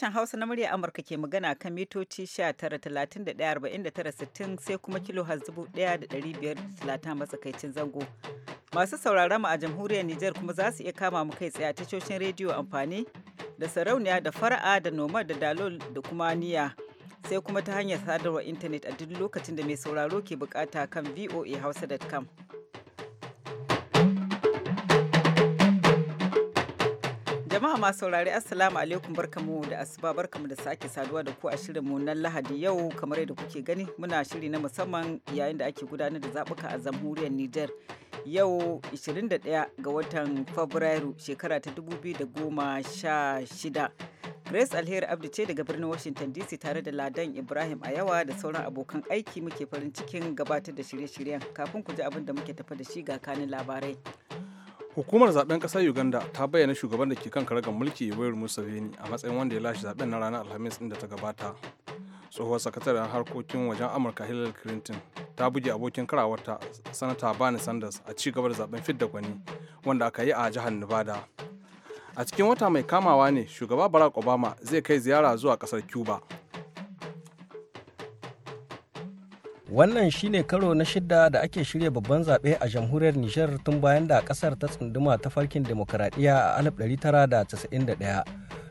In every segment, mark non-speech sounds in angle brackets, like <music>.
Sashen Hausa na murya Amurka ke magana kan mitoci 19,31,49,60 sai kuma kilo 1,530 matsakaicin zango. Masu sauraron mu a jamhuriyar Nijar kuma za su iya kama mu kai tsaye a tashoshin rediyo amfani da sarauniya da fara'a da noma da dalol da kuma niya sai kuma ta hanyar sadarwar intanet a duk lokacin da mai sauraro ke bukata kan voahausa.com. Jama'a masu saurari Assalamu alaikum barkamu da asuba barkamu da sake saduwa da ku a shirin mu na Lahadi yau kamar yadda kuke gani muna shiri na musamman yayin da ake gudanar da zabuka a jamhuriyar niger yau 21 ga watan Fabrairu shekara ta 2016. Grace Alheri Abdi ce daga birnin Washington DC tare da Ladan Ibrahim a yawa da sauran abokan aiki muke farin cikin gabatar da shirye-shiryen kafin ku ji abin da muke tafa da shi ga kanin labarai. hukumar zaben kasar uganda ta bayyana shugaban da ke kan karagar mulki yoweri museveni a matsayin wanda ya lashe zaben na ranar alhamis inda ta gabata tsohuwar sakataren harkokin wajen amurka hillary clinton ta buge abokin karawarta sanata bani sanders a ci gaba da zaben fidda gwani wanda aka yi a jihar nevada a cikin wata mai kamawa ne shugaba barack obama zai kai ziyara zuwa kasar cuba wannan shine karo na shida da ake shirya babban zaɓe a jamhuriyar nijar tun bayan da ƙasar ta tsunduma ta farkin demokuraɗiyya a 1991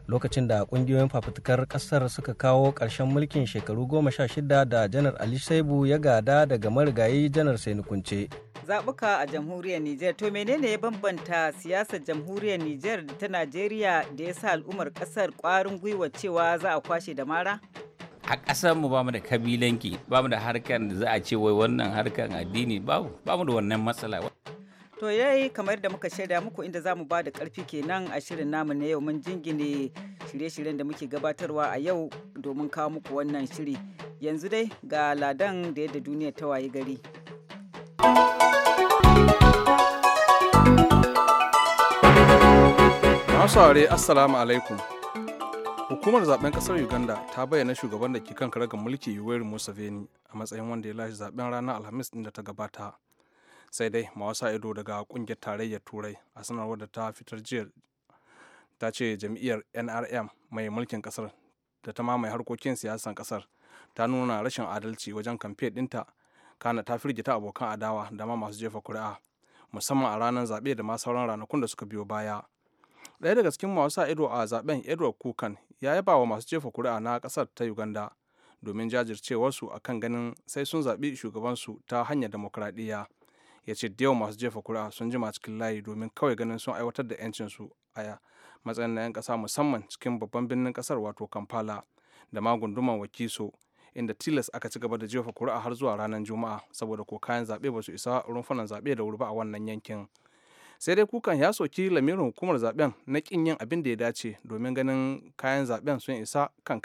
lokacin da ƙungiyoyin fafutukar ƙasar suka kawo ƙarshen mulkin shekaru goma sha shida da janar ali saibu ya gada daga marigayi janar sai nukunce zaɓuka a jamhuriyar nijar to menene ya bambanta siyasar jamhuriyar nijar da ta najeriya da ya sa al'ummar ƙasar ƙwarin gwiwa cewa za a kwashe da mara a ƙasar mu bamu da kabilanki bamu da harkar da za a ce wai wannan harkar addini babu mu da wannan matsala to yayi kamar da muka shaida muku inda za mu ba da karfi kenan a shirin namu na yau mun jingine shirye-shiryen da muke gabatarwa a yau domin kawo muku wannan shiri yanzu dai ga ladan da yadda duniya ta wayi gari masu assalamu alaikum hukumar zaben kasar uganda ta bayyana shugaban da ke kan karagar mulki yoweri museveni a matsayin wanda ya lashe zaben ranar alhamis din da ta gabata sai dai mawasa ido daga kungiyar tarayyar turai a sanarwar da ta fitar jiya ta ce jam'iyyar nrm mai mulkin kasar da ta mamaye harkokin siyasan kasar ta nuna rashin adalci wajen kamfe dinta kana ta firgita abokan adawa da ma masu jefa kuri'a musamman a ranar zaɓe da ma sauran ranakun da suka biyo baya ɗaya daga cikin masu ido a zaben edward kukan ya yaba wa masu jefa kuri'a na kasar ta uganda domin jajircewarsu a kan ganin sai sun zaɓi shugabansu ta hanyar demokuraɗiyya ya ce da yawan masu jefa kuri'a sun jima cikin layi domin kawai ganin sun aiwatar da 'yancinsu a matsayin na 'yan ƙasa musamman cikin babban birnin ƙasar wato kampala da ma gunduman wakiso inda tilas aka ci gaba da jefa kuri'a har zuwa ranar juma'a saboda ko kayan zaɓe ba su isa rumfunan zaɓe da wuri ba a wannan yankin sai dai kukan ya soki lamirin hukumar zaben na kin yin abin da ya dace domin ganin kayan zaben sun isa kan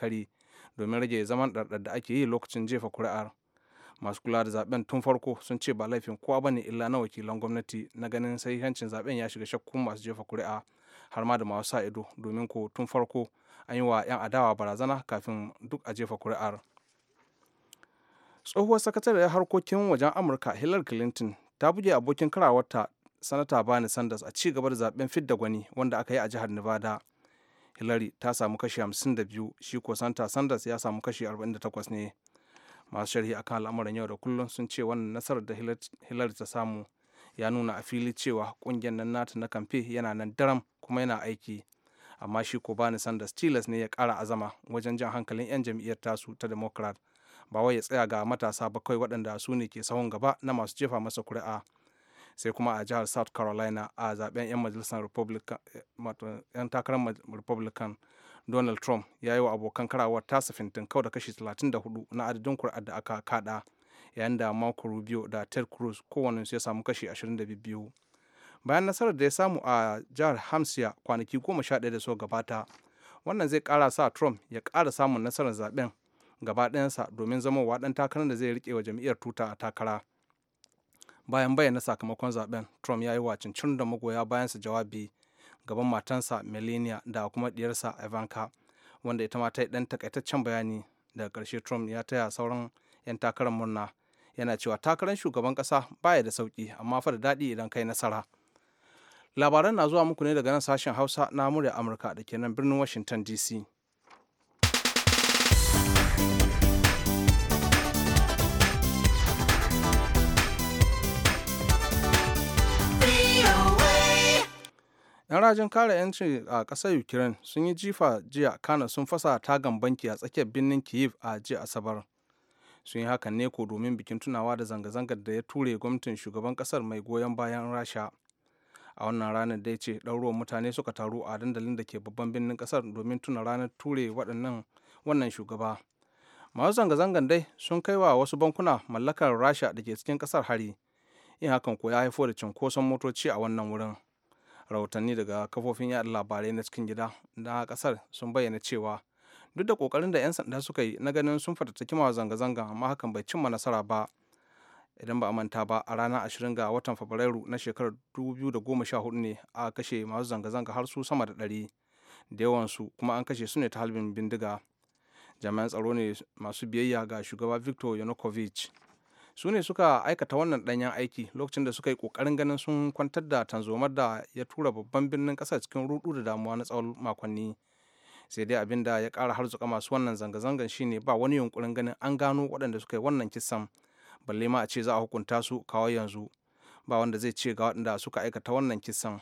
domin rage zaman ɗarɗar da ake yi lokacin jefa kuri'ar masu kula da zaben tun farko sun ce ba laifin kowa bane illa na wakilan gwamnati na ganin sai sahihancin zaben ya shiga shakkun masu jefa kuri'a har ma da masu sa ido domin ko tun farko an yi wa 'yan adawa barazana kafin duk a jefa kuri'ar tsohuwar sakatare harkokin wajen amurka hillary clinton ta buge abokin karawarta sanata bani sanders a ci gaba da zaben fidda gwani wanda aka yi a jihar nevada hillary ta samu kashi 52 shi ko santa sanders ya samu kashi 48 ne masu sharhi akan al'amuran yau da kullum sun ce wannan nasarar da hillary ta samu ya nuna a fili cewa kungiyar nan nata na kamfe yana nan daram kuma yana aiki amma shi ko bani sanders tilas ne ya kara azama wajen jan hankalin 'yan jam'iyyar tasu ta democrat ba wai ya tsaya ga matasa ba kawai waɗanda su ne ke sahun gaba na masu jefa masa kuri'a sai kuma a jihar south carolina a zaben 'yan majalisar yan takarar republican donald trump ya yi wa abokan karawar tasa fintin kau da kashi 34 na adadin kura da aka kada yayin da marco rubio da ted cruz su ya samu kashi 22 bayan nasarar da ya samu a jihar hamsia kwanaki 11 da so gabata wannan zai kara sa trump ya kara samun nasarar zaben gaba ɗayansa domin zama ɗan takarar da zai rike wa jam'iyyar tuta a takara bayan bayyana sakamakon zaben trump ya yi wacincin da magoya bayan bayansa jawabi gaban matansa melania da kuma diyarsa ivanka wanda ita ma ta yi dan takaitaccen bayani daga karshe trump ya taya sauran 'yan takarar murna yana cewa takarar shugaban kasa baya da sauki amma fa da daɗi idan kai nasara labaran na zuwa muku ne daga nan sashen hausa na murya amurka da ke nan birnin washington dc Yan rajin kare 'yanci a ƙasar Ukraine sun yi jifa jiya kana sun fasa tagan banki a tsakiyar birnin Kiev a jiya Asabar. Sun yi hakan ne ko domin bikin tunawa da zanga-zangar da ya ture gwamnatin shugaban ƙasar mai goyon bayan Rasha. A wannan ranar ya ce ɗauruwan mutane suka taru a dandalin da ke babban birnin ƙasar domin tuna ranar ture waɗannan wannan shugaba. Masu zanga zangar dai sun kai wa wasu bankuna mallakar Rasha da ke cikin ƙasar hari. Yin hakan ko ya haifo da cunkoson motoci a wannan wurin. rahotanni daga kafofin yada labarai na cikin gida na kasar sun bayyana cewa duk da kokarin da 'yan sanda suka yi na ganin sun fatattaki ma zanga-zanga amma hakan bai cimma nasara ba idan ba a manta ba a ranar 20 ga watan fabrairu na shekarar 2014 ne a kashe masu zanga-zanga har su sama da ɗari da yawansu kuma an kashe su ne ta halbin bindiga jami'an tsaro ne masu biyayya ga shugaba victor yanukovych su ne suka aikata wannan danyen aiki lokacin da suka yi kokarin ganin sun kwantar da tanzomar da ya tura babban birnin kasa cikin rudu da damuwa na tsawon makonni sai dai abin da ya kara harzuka masu wannan zanga-zangan shine ba wani yunkurin ganin an gano waɗanda suka yi wannan kisan balle ma a ce za a hukunta su kawo yanzu ba wanda zai ce ga waɗanda suka aikata wannan kisan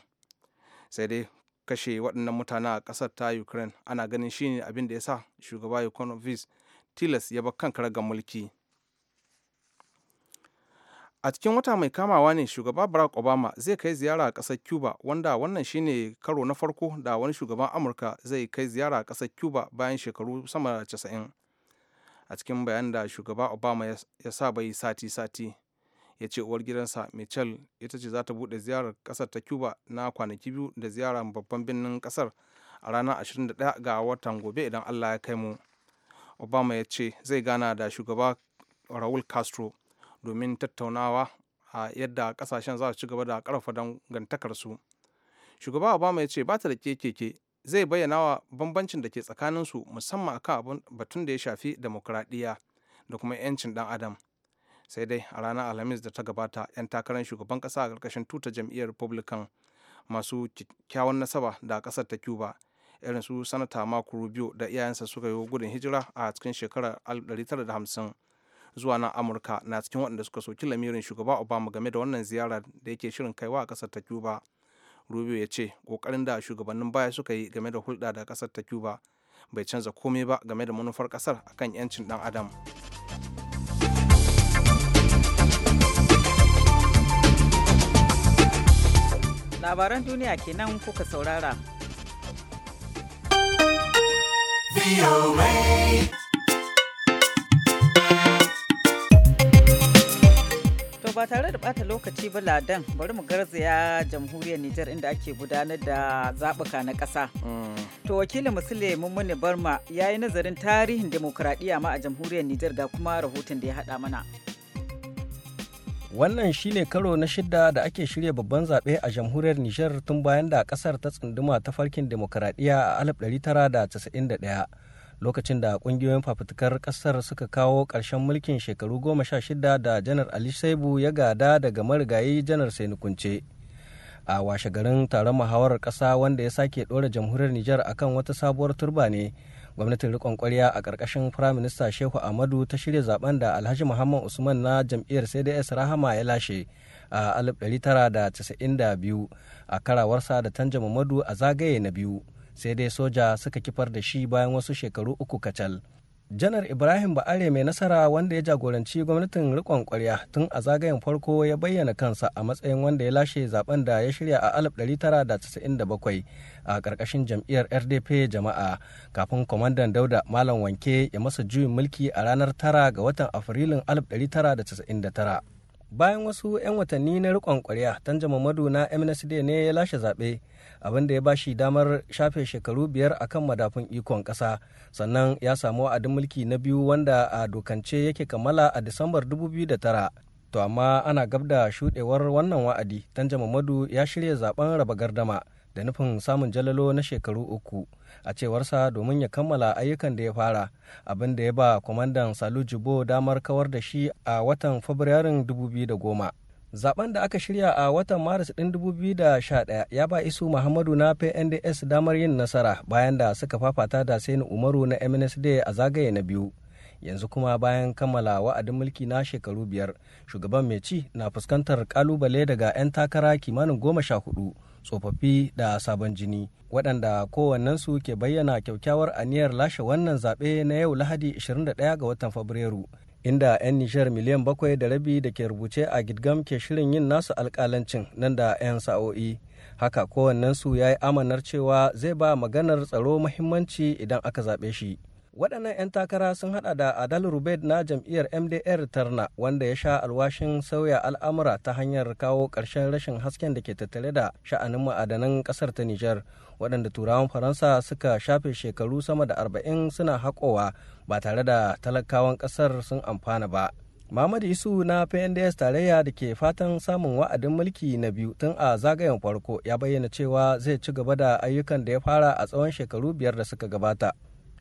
sai dai kashe waɗannan mutane a ƙasar ta ukraine ana ganin shine abin da ya sa shugaba yukonovis tilas ya bar kan karagar mulki a cikin wata mai kamawa ne shugaba barack obama zai kai ziyara a ƙasar cuba wanda wannan shine karo na farko da wani shugaban amurka zai kai ziyara a ƙasar cuba bayan shekaru sama da casa'in a cikin bayan da shugaba obama ya sa bai sati-sati ya ce uwar gidansa michel ita ce za ta buɗe ziyarar ƙasar ta cuba na kwanaki biyu da ziyara babban birnin ƙasar a ranar 21 ga watan gobe idan allah ya kai mu obama ya ce zai gana da shugaba raul castro domin tattaunawa a yadda kasashen za su ci gaba da karfafa dangantakarsu shugaba obama ya ce ba ta da keke zai bayyana wa bambancin da ke tsakanin su musamman akan abun batun da ya shafi demokuraɗiyya da kuma 'yancin dan adam sai dai a ranar alhamis da ta gabata 'yan takarar shugaban kasa a ƙarƙashin tuta jam'iyyar republican masu kyakkyawan nasaba da kasar ta cuba irin su sanata marco rubio da iyayensa suka yi gudun hijira a cikin shekarar 1950 zuwa nan amurka na cikin waɗanda suka soki lamirin shugaba obama game da wannan ziyarar da yake shirin kaiwa a ƙasar ta cuba rubio ya ce ƙoƙarin da shugabannin baya suka yi game da hulɗa da ƙasar ta cuba bai canza komai ba game da manufar ƙasar akan 'yancin ɗan adam labaran duniya kenan kuka saurara. To ba tare da bata lokaci ba ladan bari mu garzaya jamhuriyar Nijar inda ake gudanar da zaɓuka na ƙasa. Mm. To wakilin Musule Mummuni Barma ya yi nazarin tarihin demokuraɗiyya ma a jamhuriyar Nijar ga kuma rahoton da ya haɗa mana. Wannan shi ne karo na shidda da ake shirya babban zaɓe a jamhuriyar Nijar tun bayan da ƙasar ta tsunduma ta farkin demokuraɗiyya a 1991. lokacin da kungiyoyin fafutukar kasar suka kawo ƙarshen mulkin shekaru goma sha shida da janar ali saibu ya gada daga marigayi janar sainukunce a washe garin taron muhawarar ƙasa wanda ya sake ɗora jamhuriyar nijar akan wata sabuwar turba ne gwamnatin rikon kwarya a ƙarƙashin firaminista shehu amadu ta shirya zaben da alhaji muhammad usman na jam'iyyar cds rahama ya lashe a 1992 a karawarsa da tanja mamadu a zagaye na biyu sai dai soja suka kifar da shi bayan wasu shekaru uku kacal janar ibrahim ba'are mai nasara wanda ya jagoranci gwamnatin rikon kwarya tun a zagayen farko ya bayyana kansa a matsayin wanda ya lashe zaben da ya shirya a 1997 a karkashin jam'iyyar rdp jama'a kafin kwamandan dauda malam wanke ya masa juyin mulki a ranar 9 ga watan afrilun 1999 bayan wasu 'yan watanni na rikon kwarya tanja mamadu na mnsd ne ya lashe zaɓe abin da ya bashi damar shafe shekaru biyar a kan madafin ikon ƙasa sannan ya samu wa'adin mulki na biyu wanda a dokance yake kammala a disambar 2009 to amma ana gab da shuɗewar wannan wa'adi tanja mamadu ya shirya zaben raba gardama da nufin samun jalalo na shekaru uku a cewarsa domin ya kammala ayyukan da ya fara abin da ya ba kwamandan salu jibo damar kawar da shi a watan fabrairun 2010 zaben da aka shirya a watan maris ɗin 2011 ya ba isu muhammadu na pnds damar yin nasara bayan da suka fafata da saini umaru na mnsd a zagaye na biyu yanzu kuma bayan kammala wa'adin mulki na shekaru biyar shugaban mai ci na fuskantar kalubale daga 'yan takara kimanin goma sha hudu tsofaffi da sabon jini waɗanda kowannensu ke bayyana kyaukyawar aniyar lashe wannan zaɓe na yau lahadi 21 ga watan fabrairu inda 'yan nishar miliyan bakwai da rabi da ke rubuce a gidgam ke shirin yin nasu alkalancin nan da 'yan sa'o'i haka kowannensu ya yi amanar cewa zai ba maganar tsaro muhimmanci idan aka zaɓe shi waɗannan 'yan takara sun hada da adal Rubed na jam'iyyar mdr tarna wanda ya sha alwashin sauya al'amura ta hanyar kawo ƙarshen rashin hasken da ke tattare da sha'anin ma'adanan ƙasar ta nijar waɗanda turawan faransa suka shafe shekaru sama da arba'in suna haƙowa ba tare da talakawan ƙasar sun amfana ba Muhammadu Isu na PNDS tarayya da ke fatan samun wa'adin mulki na biyu tun a zagayen farko ya bayyana cewa zai ci gaba da ayyukan da ya fara a tsawon shekaru biyar da suka gabata.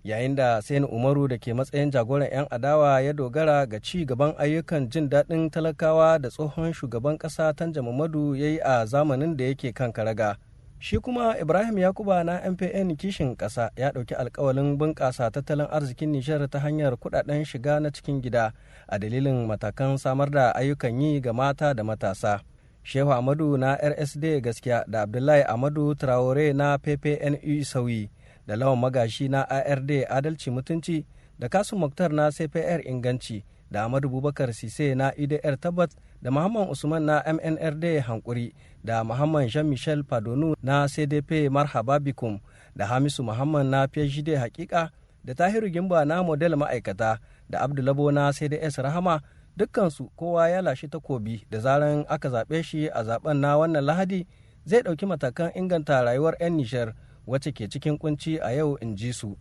yayin da sain umaru da ke matsayin jagoran 'yan adawa ya dogara ga ci gaban ayyukan jin daɗin talakawa da tsohon shugaban ƙasa tanja mamadu ya yi a zamanin da yake kan karaga shi kuma ibrahim yakuba na mpn kishin ƙasa ya ɗauki alkawalin bunƙasa tattalin arzikin nijar ta hanyar kuɗaɗen shiga na cikin gida a dalilin matakan samar da ayyukan yi ga mata da matasa shehu amadu na rsd gaskiya da abdullahi amadu traore na ppnu sauyi da lawan magashi na ARD Adalci Mutunci da Kasu Muktar na CPR Inganci da amadu Bubakar Sise na IDR Tabbat da Muhammad Usman na MNRD Hankuri da Muhammad Jean-Michel Padonu na CDP Marhaba Bikum da Hamisu Muhammad na PhD Hakika da Tahiru Gimba na Model Ma'aikata da Abdulabo na CDS Rahama dukkansu kowa ya lashe takobi da zaran aka zaɓe shi a zaben na wannan Lahadi zai ɗauki matakan inganta rayuwar 'yan Nishar. wacce ke cikin kunci a yau in ji su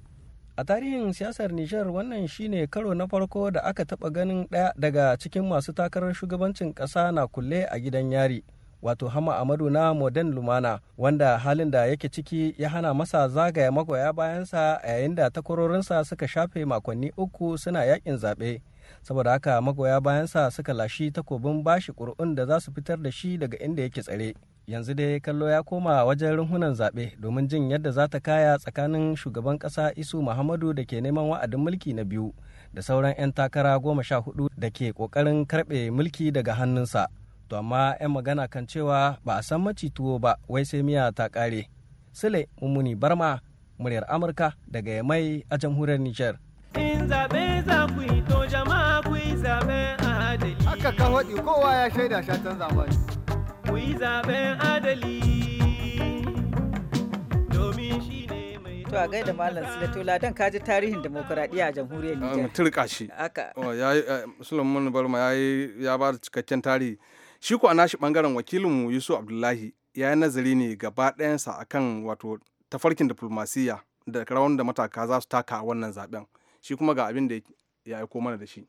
a tarihin siyasar nijar wannan shine karo na farko da aka taba ganin ɗaya daga cikin masu takarar shugabancin ƙasa na kulle a gidan yari wato hama amadu na modern lumana wanda halin da yake ciki ya hana masa zagaya magoya bayansa a yayin da takwarorinsa suka shafe makonni uku suna yakin zaɓe saboda haka magoya bayansa suka lashi takobin bashi ƙuri'un da za su fitar da shi daga inda yake tsare yanzu dai kallo ya koma wajen runhunan zaɓe domin jin yadda za ta kaya tsakanin shugaban ƙasa isu muhammadu da ke neman wa'adin mulki na biyu da sauran 'yan takara goma sha hudu da ke kokarin karɓe mulki daga hannunsa to amma 'yan magana kan cewa ba a san maci tuwo ba wai sai miya ta kare sule mummuni barma muryar amurka daga mai a jamhuriyar nijar in haka kowa ya shaida shatan zamani yi zaben adali to a gaida malam don kaji tarihin demokuraɗiyya a jamhuriyar ah, nijar muturka shi oh, eh, sulaiman ya ba da cikakken tarihi shi ko a nashi bangaren wakilinmu yusuf abdullahi ya yi nazari ne gaba ɗayansa akan wato tafarkin diplomasiyya da rawan da mataka za su taka a wannan zaben shi kuma ga abin da ya aiko mana da shi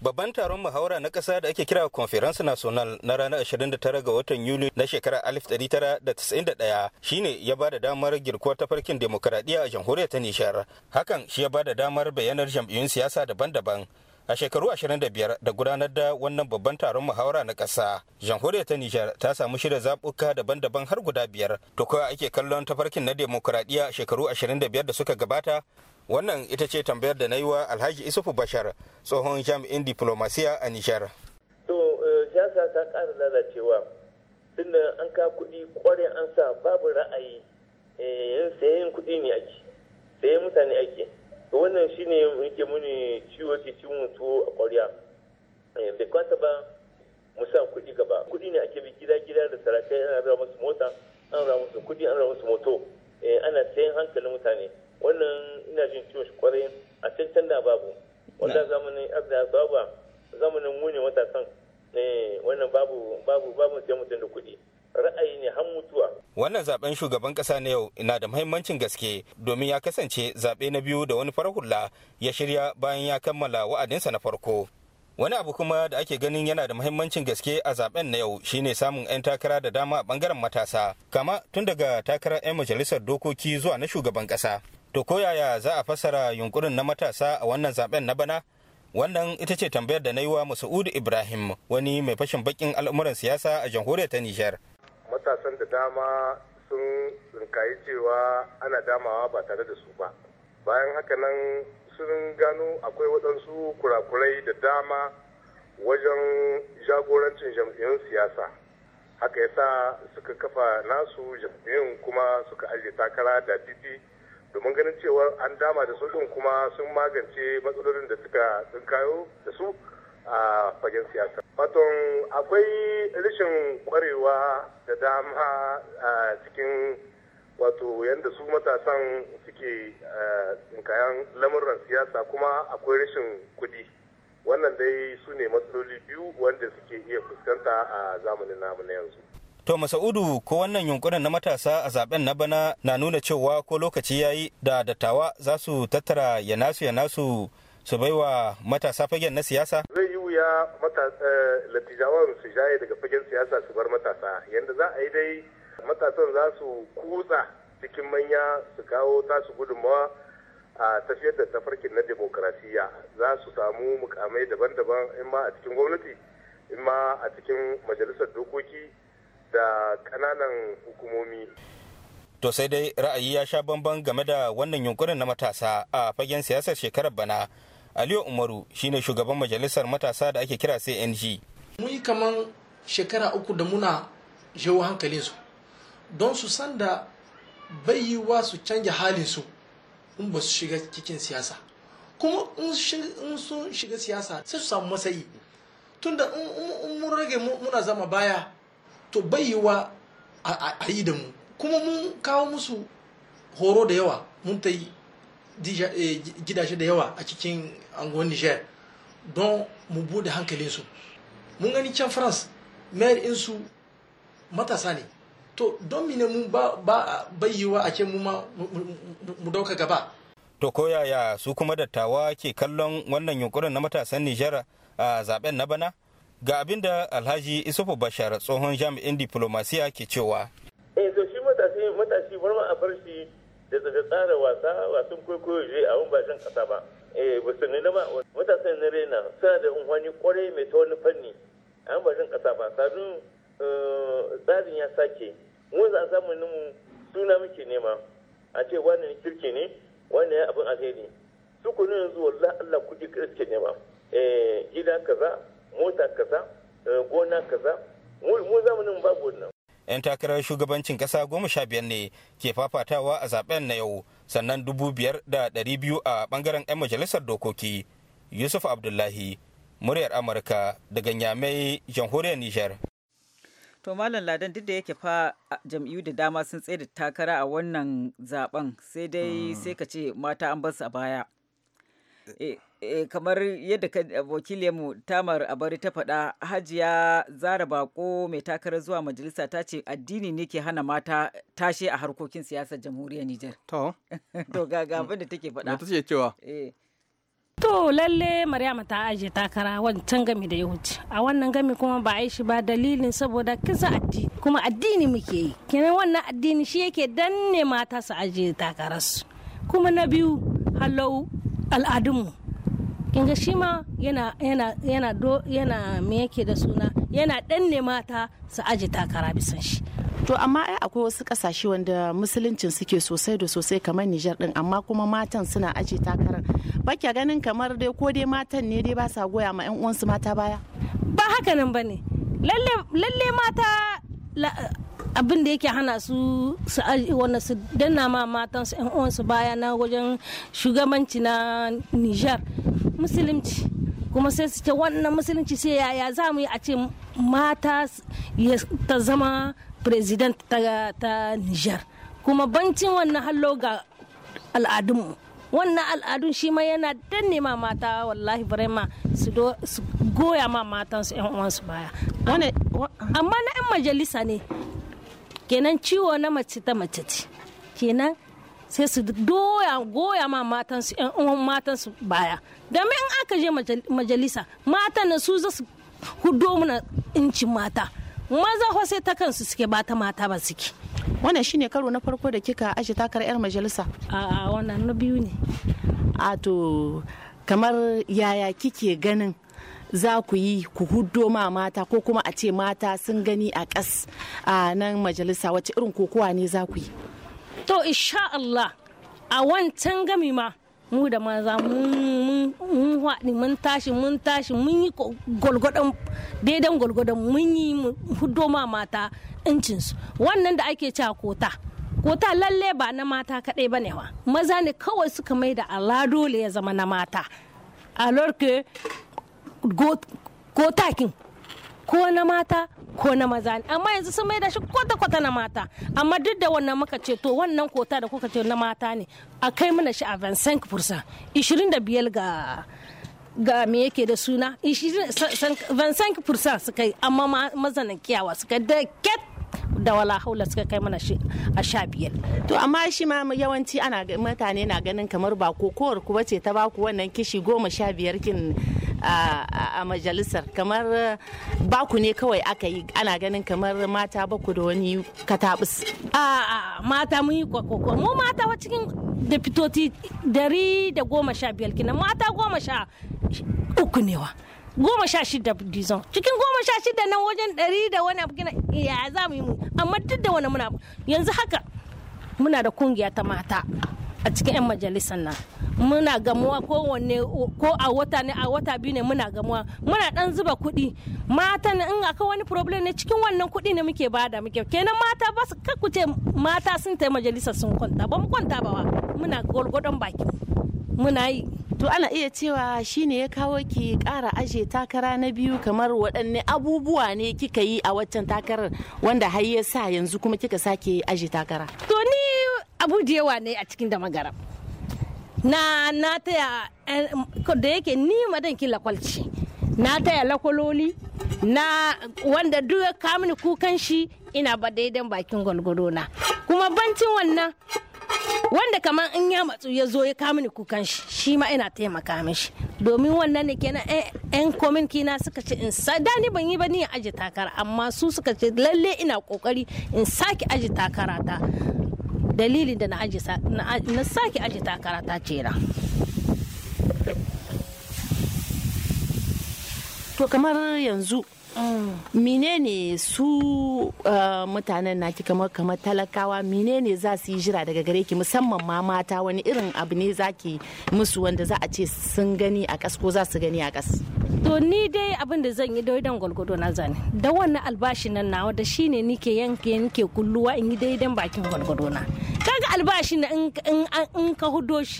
Babban taron muhawara na ƙasa da ake kira Conference National na ranar 29 ga watan Yuli na shekarar 1991 shine ya ba da damar girkuwar tafarkin demokaradiyya a jamhuriyar ta Nishar. Hakan shi ya ba da damar bayyanar jam'iyyun siyasa daban-daban. A shekaru 25 da gudanar da wannan babban taron muhawara na ƙasa, jamhuriyar ta Nijar ta samu shirya zaɓuka daban-daban har guda biyar. To kawai ake kallon tafarkin na a shekaru 25 da suka gabata wannan ita ce tambayar da na yi wa alhaji isufu bashar tsohon jami'in diplomasiya a nishar to eh, siyasa ta kara lalacewa da an ka kuɗi ƙware an sa babu ra'ayi eh, sayan kuɗi ne ake sayan mutane ake wannan ne yake muni ciwo ke ciwon mutu a ƙwarya eh, bai kwanta ba mu sa kuɗi gaba kuɗi ne ake bi gida gida da sarakai ana rama musu mota an rama musu kuɗi an rama musu moto ana sayan hankalin mutane wannan ina jin ciwon shi kwarai a can da babu wanda zamanin arda baba zamanin matasan ne wannan babu babu babu sai mutum da kuɗi ra'ayi ne har mutuwa. Wannan zaben shugaban kasa na yau na da mahimmancin gaske domin ya kasance zaɓe na biyu da wani farar hula ya shirya bayan ya kammala wa'adinsa na farko. Wani abu kuma da ake ganin yana da mahimmancin gaske a zaben na yau shine samun 'yan takara da dama a bangaren matasa, kama tun daga takarar 'yan majalisar dokoki zuwa na shugaban kasa. To ko yaya za a fasara yunkurin na matasa a wannan zaben na bana? Wannan ita ce tambayar da na yi wa Masa'udu Ibrahim wani mai fashin bakin al'amuran siyasa a jamhuriyar ta Nijar. Matasan da dama sun rinkayi cewa ana damawa ba tare da su ba. Bayan haka nan sun gano akwai waɗansu kurakurai da dama wajen jagorancin jam'iyyun siyasa. Haka yasa suka kafa nasu jam'iyyun kuma suka ajiye takara da titi. domin ganin cewa an dama da su din kuma sun magance matsalolin da suka sun kayo da su a fagen siyasa. faton akwai rashin kwarewa da dama a cikin wato yadda su matasan suke tsinkayen lamuran siyasa kuma akwai rashin kuɗi. Wannan dai su ne matsaloli biyu wanda suke iya fuskanta a zamanin namu na yanzu. To Masaudu ko wannan yunkurin na matasa a zaben na bana na nuna cewa ko lokaci ya yi da dattawa za su tattara ya nasu ya nasu su baiwa matasa fagen na siyasa? Zai yi wuya latijawan eh, su jaye daga fagen siyasa su bar matasa yadda za a yi dai matasan za su kutsa cikin manya su kawo tasu gudunmawa a tafiyar da tafarkin na demokrasiya za su samu mukamai daban-daban in ma a cikin gwamnati in ma a cikin majalisar dokoki da kananan hukumomi to sai dai ra'ayi ya sha bamban game da wannan yunkurin na matasa a fagen siyasar shekarar bana aliyu umaru shine shugaban majalisar matasa da ake kira cng mun yi kaman shekara uku da muna jawo su don su san da wa su canja su in ba su shiga cikin siyasa kuma in sun shiga siyasa sai su samu matsayi tunda in mun rage muna zama baya to bai wa a yi da mu kuma mun kawo musu horo da yawa mun ta yi eh, gidaje da yawa a cikin anguwan niger don mu bude hankalinsu mun gani can france mayar insu matasa ne to don mine mun ba bayyiwa a ce mu ma mu dauka gaba to ko su kuma dattawa ke kallon wannan yunkurin na matasan nijar a zaben na bana ga abin da alhaji isufu bashar tsohon jami'in diplomasiya ke cewa eh to shi matashi matashi bar ma a bar shi da daga tsara wasa wasan kwaikwayo zai a wani bashin kasa ba eh ba su ne ba matasan na rena suna da wani kwarai mai ta wani fanni a wani bashin kasa ba sadu eh, tsarin ya sake mu za a samu mu suna muke nema a ce wani kirki ne wani ya abin alheri su kunu yanzu wallah Allah kuɗi kirki nema eh gida kaza mota kaza eh, gona kaza mu zamanin babu wannan 'yan takarar shugabancin kasa goma sha biyar ne ke fafatawa a zaben na yau sannan dubu biyar da ɗari biyu a ɓangaren 'yan majalisar dokoki yusuf abdullahi muryar amurka daga nyamai jamhuriyar nijar to malam ladan duk da yake fa jam'iyyu da dama sun tsaye da takara a wannan zaben sai dai hmm. sai ka ce mata an su a baya eh, e kamar yadda wakiliyarmu tamar abari ta faɗa hajiya zara bako mai takarar zuwa majalisa ta ce addini ne ke hana mata tashe a harkokin siyasar jamhuriyar nijar to <laughs> to ga mm. abin da take faɗa ta ce cewa eh. to lalle maryama ta aje takara wancan gami da ya a wannan gami kuma ba a shi ba dalilin saboda kisa addini kuma addini muke yi kenan wannan addini shi yake danne mata su aje takararsu kuma na biyu halau al'adunmu ga shi ma yana yana yana do yana me yake da suna yana danne mata su aji takara bisan shi to amma ai akwai wasu kasashe wanda musuluncin suke sosai da sosai kamar Nijar din amma kuma matan suna aji takarar ba kya ganin kamar dai ko dai matan ne dai ba sa goya ma yan su mata baya ba haka nan bane lalle lalle mata abin da yake hana su su wannan su danna ma matan su yan su baya na wajen shugabanci na Nijar musulunci kuma sai su ce wannan musulunci sai yaya za mu yi a ce mata ta zama president ta Nijar kuma bancin wannan hallo ga al'adunmu wannan al'adun shi ma yana danne ma mata wallahi barema su goya ma matansu 'yan uwansu baya amma na 'yan majalisa ne kenan ciwo na mace ta mace ce kenan sai su doya goya ma matansu yan uwan matansu baya domin in aka je majalisa matan na su za su hudo mana incin mata maza fa sai ta kansu suke bata mata ba suke wannan shine karo na farko da kika aje takar yar majalisa a wannan na biyu ne a to kamar yaya kike ganin za ku yi ku hudo ma mata ko kuma a ce mata sun gani a kas a nan majalisa wace irin kokowa ne za ku yi to insha Allah a wancan gami ma mu da maza mun haɗi mun tashi mun tashi mun yi gwalgwadon daidan gwalgwadon mun yi hudo ma mata incinsu wannan da ake cewa kota kota lalle ba na mata kaɗai ba ne wa maza ne kawai suka mai da ala dole ya zama na mata a lorke kotakin ko na mata ko na maza ne amma yanzu sun da shi kwata kwata na mata amma duk da wannan muka ce to wannan kota da kuka ce na mata ne a kai mana shi a 25% 25 ga ga me yake da suna 25% su yi amma mazanin kiyawa suka da ket da wala haula suka kai mana shi a sha biyar. To amma shi ma yawanci ana mutane na ganin kamar ba kokowar kuwa ce ta baku wannan kishi goma sha biyar kin a majalisar kamar eh, baku ne kawai aka yi ana ganin kamar mata baku da wani katabus a mata mun yi kwakwakwa mu mata wa cikin da fitoti dari da goma sha biyar kina mata goma sha uku ne wa goma sha shida dizon cikin goma sha shida nan wajen dari da wani abu gina ya za mu yi mu amma duk da wani muna yanzu haka muna da kungiya ta mata a cikin 'yan majalisar nan muna gamuwa kowanne ko a wata ne a wata biyu ne muna gamuwa muna dan zuba kuɗi mata ne in aka wani problem ne cikin wannan kuɗi ne muke bada muke kenan mata ba su kakuce mata sun ta majalisar sun kwanta ba mu kwanta ba wa muna gwargwadon baki muna yi to ana iya cewa shine ya kawo ki kara aje takara na biyu kamar waɗanne abubuwa ne kika yi a waccan takarar wanda har ya sa yanzu kuma kika sake aje takara to ni abu da yawa ne a cikin da na na taya eh, da yake ni madan ki lakwalci na taya lakwaloli na wanda duk ya kamuni kukan shi ina ba daidan bakin gwalgwaro na kuma bancin wannan wanda kamar in ya matsu ya zo ya kamuni kukan shi shi ma ina taimaka mishi domin wannan ne kenan eh, yan komin kina suka ce in sada ni ban yi ba ni aji takara amma su suka ce lalle ina kokari in sake aji takara ta dalilin da na sake aji takara ta ce to kamar yanzu menene su eh, mutanen naki kamar kamar talakawa menene za su yi jira daga gare ki musamman ma mata wani irin abu ne za ki musu wanda za a ce sun gani a kas ko za su gani a kas to ni dai abin da zan yi daidan gwalgwado na zane da wannan albashi nan nawa da ne nike yanke yanke kulluwa in yi daidan bakin gwalgwado na kaga albashi na in ka hudo shi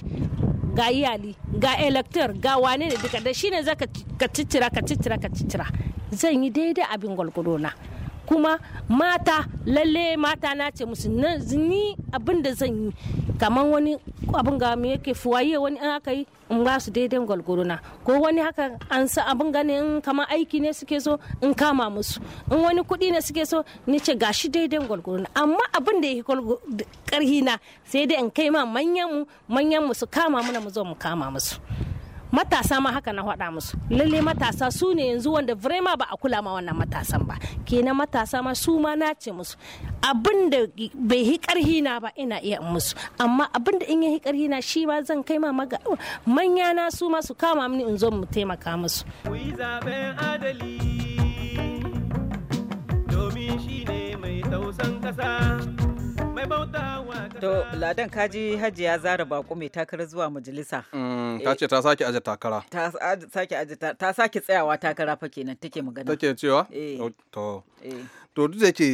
ga iyali ga elector ga wane ne duka da ne za ka cicira ka cicira ka cicira zan yi daidai abin gwalgwado na kuma mata lalle mata na ce musu ni abin da zan yi kamar wani abin ga me yake fuwaye wani an aka yi in ba su daidai gwalgwaro na ko wani haka an sa abin ganin kamar aiki ne suke so in kama musu in wani kuɗi ne suke so ni ce gashi daidai gwalgwaro na amma abin da yake karhi na sai dai in kai ma manyan mu manyan mu su kama mana mu zo mu kama musu matasa ma haka na faɗa musu lalle matasa su ne yanzu wanda vrema ba a kula ma wannan matasan ba kenan matasa ma su ma na ce musu abin da bai hi karhi na ba ina iya musu amma abin da in ya hi karhi na shi ma zan kai ma maga manya na su ma su kama mini in zo mu taimaka musu ku yi zaben adali domin shi ne mai tausan kasa To ladan kaji hajiya zara bako mai takarar zuwa majalisa. Mm, ta eh. ce ta sake aje takara. Ta sake tsayawa takara fa kenan take magana. Take cewa? Eh. Oh, to. Eh. To duk da ke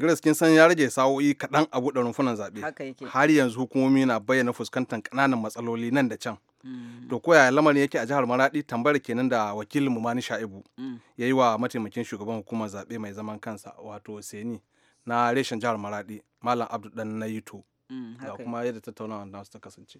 Grace kin san ya rage sa'o'i kaɗan a buɗe rumfunan zaɓe. Haka yake. Har yanzu hukumomi na bayyana fuskantar ƙananan matsaloli nan da can. Mm. To ko yaya lamarin yake a jihar maraɗi tambayar kenan da wakilin mu Mani Sha'ibu. Mm. Ya yi wa mataimakin shugaban hukumar zaɓe mai zaman kansa wato Seni na reshen jihar maraɗi. malam abdu dan na da mm, ga kuma yadda tattaunawa nasu ta kasance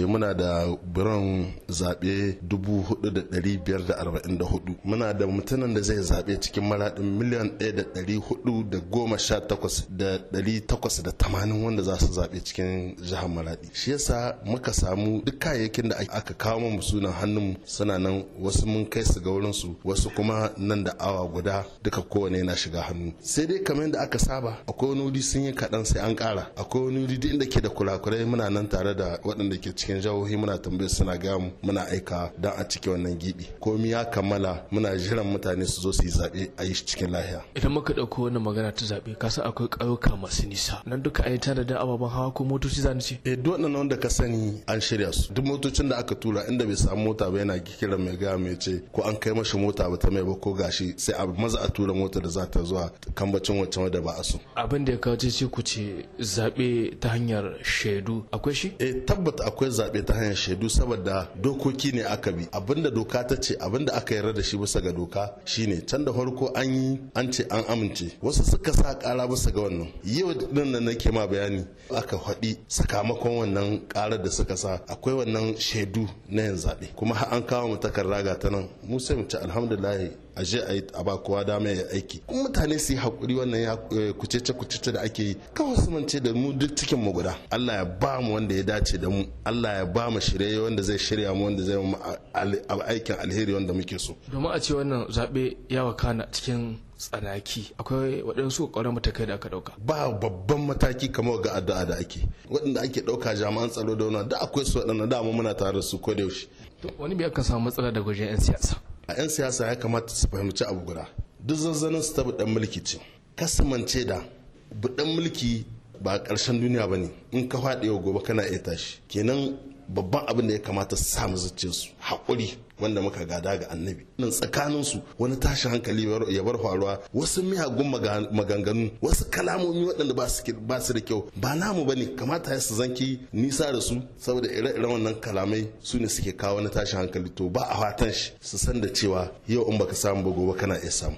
Eh, muna da biran zaɓe 4,544 muna da mutumin da zai zaɓe cikin maraɗin miliyan 1,418,880 wanda za su zaɓe cikin jihar maraɗi shi yasa muka samu duk kayayyakin da aka kawo mu sunan hannun suna nan wasu mun kai su ga wurinsu wasu kuma nan da awa guda duka kowane yana shiga hannu sai dai kamar yadda aka saba akwai wani wuri sun yi kaɗan sai an ƙara akwai wani wuri duk inda ke da kurakurai muna nan tare da waɗanda ke cikin cikin jihohi muna tambayar suna ga muna aika don a cike wannan gibi komi ya kammala muna jiran mutane su zo su yi zaɓe a yi cikin lahiya idan muka ɗauko wannan magana ta zaɓe san akwai ƙauyuka masu nisa nan duka an yi da ababen hawa ko motoci za ce eh duk wannan wanda ka sani an shirya su duk motocin da aka tura inda bai samu mota ba yana kira mai gaya mai ce ko an kai mashi mota ba ta mai ba ko gashi sai a maza a tura mota da za ta zuwa kambacin wancan wanda ba a so abin da ya kawo ce ku ce zaɓe ta hanyar shaidu akwai shi eh tabbata akwai zaɓe ta hanyar shaidu saboda dokoki ne aka bi abinda doka ta ce abinda aka yarda da shi bisa ga doka shine can da farko an yi an ce an amince wasu suka sa ƙara bisa ga wannan yau din nan nake ma bayani aka faɗi sakamakon wannan ƙarar da suka sa akwai wannan shaidu na yin zaɓe kuma har an kawo mu takarda ga ta nan mu sai mu ci alhamdulillah a je a ba kowa dama ya aiki kuma mutane su yi hakuri wannan ya eh, kucece kucece da ake yi kawai su mance da mu duk cikin mu guda Allah ya ba mu wanda ya dace da mu Allah ya ba mu shirye wanda zai shirya mu wanda zai mu aikin alheri wanda muke so domin a ce wannan zabe ya wakana cikin tsanaki akwai waɗansu ƙwarar matakai da aka ɗauka ba babban mataki kamar ga addu'a da ake waɗanda ake ɗauka jami'an tsaro da wani da akwai su waɗanda dama muna tare da su ko da yaushe wani bai aka samu matsala daga wajen 'yan siyasa a 'yan siyasa ya kamata su fahimci abu guda duk zanzanin su ta buɗan mulki ce kasamance da buɗan mulki ba ƙarshen duniya ba ne in ka faɗi yau gobe kana iya tashi kenan babban abin da ya kamata su samu su haƙuri wanda muka gada ga annabi nan tsakanin su wani tashi hankali ya bar faruwa wasu miyagun maganganu wasu kalamomi waɗanda ba su da kyau ba namu bane kamata ya su zanki nisa da su saboda ire-iren wannan kalamai su ne suke kawo wani tashi hankali to ba a fatan shi su san da cewa yau in baka samu ba gobe kana iya samu.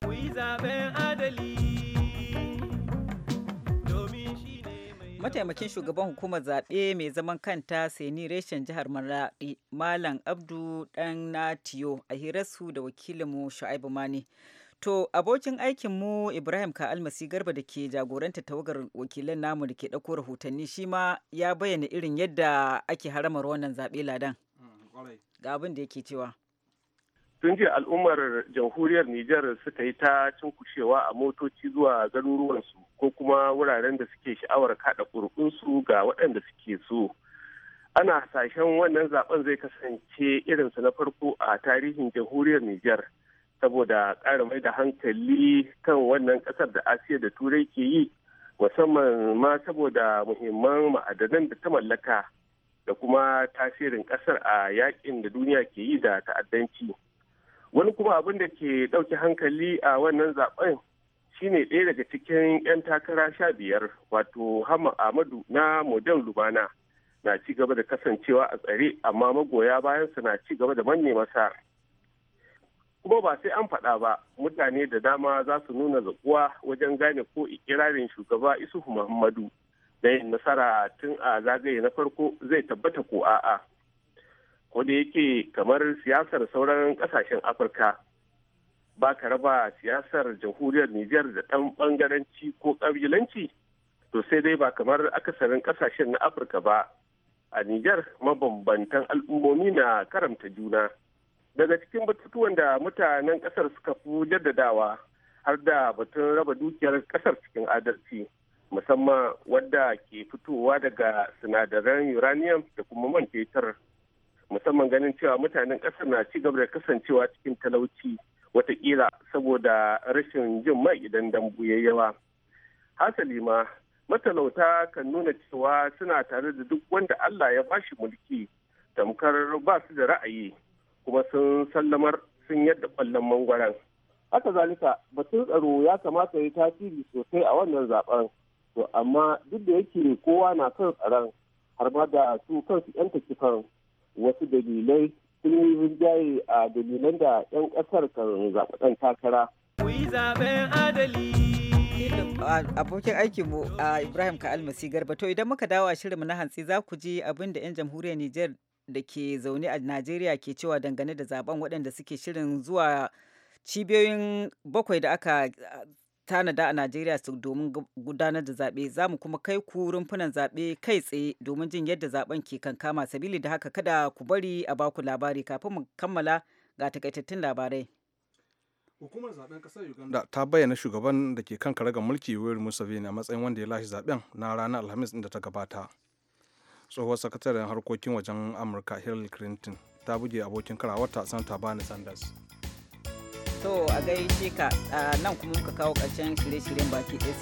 mataimakin shugaban hukumar zaɓe mai zaman kanta seni reshen jihar maradi malam abdu dan natiyo a hirarsu da wakilinmu shu'aibu mani to abokin aikinmu ibrahim ka almasi garba da ke jagoranta tawagar wakilan namu da ke ɗauko rahotanni shi ma ya bayyana irin yadda ake haramar wannan zaɓe ladan mm, ga abin da yake cewa tun jiya al'ummar jamhuriyar Nijar suka yi ta cinkushewa a motoci zuwa garuruwansu ko kuma wuraren da suke sha'awar kada ƙuri'unsu ga waɗanda suke so. Ana hasashen wannan zaben zai kasance irinsa na farko a tarihin jamhuriyar Nijar saboda ƙara mai da hankali kan wannan ƙasar da Asiya da Turai ke yi musamman ma saboda muhimman ma'adanan da ta mallaka da kuma tasirin ƙasar a yaƙin da duniya ke yi da ta'addanci. wani kuma abin da ke ɗauki hankali a wannan zaben shine ɗaya daga cikin 'yan takara sha biyar wato hama amadu na modern lubana na ci gaba da kasancewa a tsare amma magoya bayan su na ci gaba da manne masa kuma ba sai an faɗa ba mutane da dama za su nuna zaƙuwa wajen gane ko ikirarin shugaba isuhu muhammadu da yin nasara tun a zagaye na farko zai tabbata ko a'a. ko da yake kamar siyasar sauran kasashen afirka ba ka raba siyasar jamhuriyar nijar da ɗan ɓangaranci ko ƙabilanci to sai dai ba kamar akasarin kasashen na afirka ba a nijar mabambantan al'ummomi na karamta juna daga cikin batutuwan da mutanen ƙasar suka fi jaddadawa har da batun raba dukiyar ƙasar cikin adalci musamman wadda ke fitowa daga sinadaran uranium da kuma man fetur musamman ganin cewa mutanen ƙasar na ci gaba da kasancewa cikin talauci watakila saboda rashin jin mai idan dambu ya yawa hasali ma matalauta kan nuna cewa suna tare da duk wanda allah ya bashi mulki tamkar ba su da ra'ayi kuma sun sallamar sun yadda kwallon mangwaran haka zalika batun tsaro ya kamata ya tasiri sosai a wannan zaben to amma duk da yake kowa na kan tsaron har ma da su kansu 'yan takifan wasu dalilai sun yi rinjaye a dalilan da 'yan kasar kan zaɓi ɗan takara. Kuyi adali. abokin aikin mu a Ibrahim ka almasi garba to idan muka dawo a shirinmu na hantsi za ku ji abin da 'yan jamhuriyar Nijar da ke zaune a Najeriya ke cewa dangane da zaben waɗanda suke shirin zuwa cibiyoyin bakwai da aka tanada a Najeriya su domin gudanar da zaɓe za mu kuma kai ku rumfunan zaɓe kai tsaye domin jin yadda zaɓen ke kankama sabili da haka kada ku bari a baku labari kafin mu kammala ga takaitattun labarai. Hukumar zaɓen ƙasar Uganda ta bayyana shugaban da ke kan karagar mulki Yoweri Museveni a matsayin wanda ya lashe zaɓen na ranar Alhamis inda ta gabata. Tsohuwar sakataren harkokin wajen Amurka Hillary Clinton ta buge abokin karawarta Santa Bernie Sanders. To a gaishe ka nan kuma muka kawo ƙarshen shirye-shiryen baki ɗaya